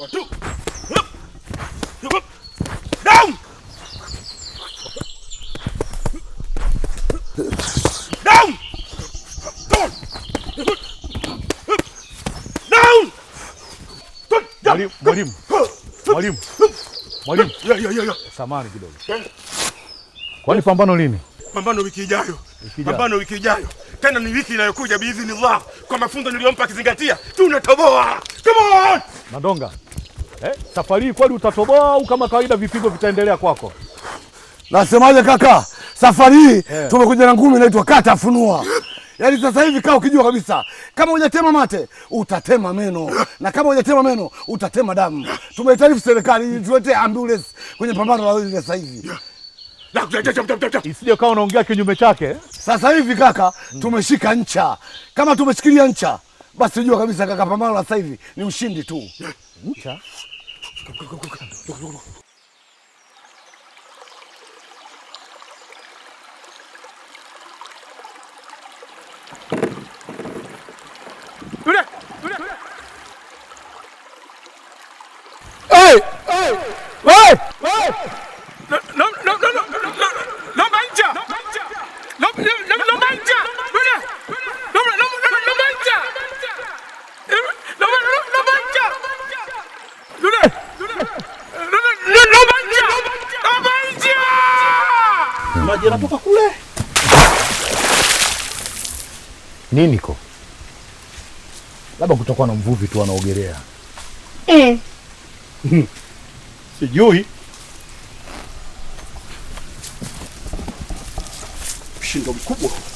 Mwalimu, mwalimu, mwalimu, samani kidogo. Kwani pambano lini? Pambano wiki ijayo. Pambano wiki ijayo, tena ni wiki inayokuja biidhinillah, kwa mafunzo niliyompa akizingatia, tunatoboa. Come on! Madonga. Eh, safari hii kweli utatoboa au kama kawaida vipigo vitaendelea kwako? Nasemaje kaka, safari hii yeah. Tumekuja na ngumi inaitwa kata funua. Yaani sasa hivi kaa ukijua kabisa kama hujatema mate utatema meno, na kama hujatema meno utatema damu. Tumeitaarifu serikali tuletee ambulance kwenye pambano la sasa hivi isije kawa unaongea kinyume chake. Eh? Sasa hivi kaka, tumeshika ncha. Kama tumeshikilia ncha, basi unajua kabisa kaka, pambano la sasa hivi ni ushindi tu. Yeah. 啥？Maji yanatoka kule. Nini ko? Labda kutakuwa na mvuvi tu anaogelea eh. Sijui mshindo mkubwa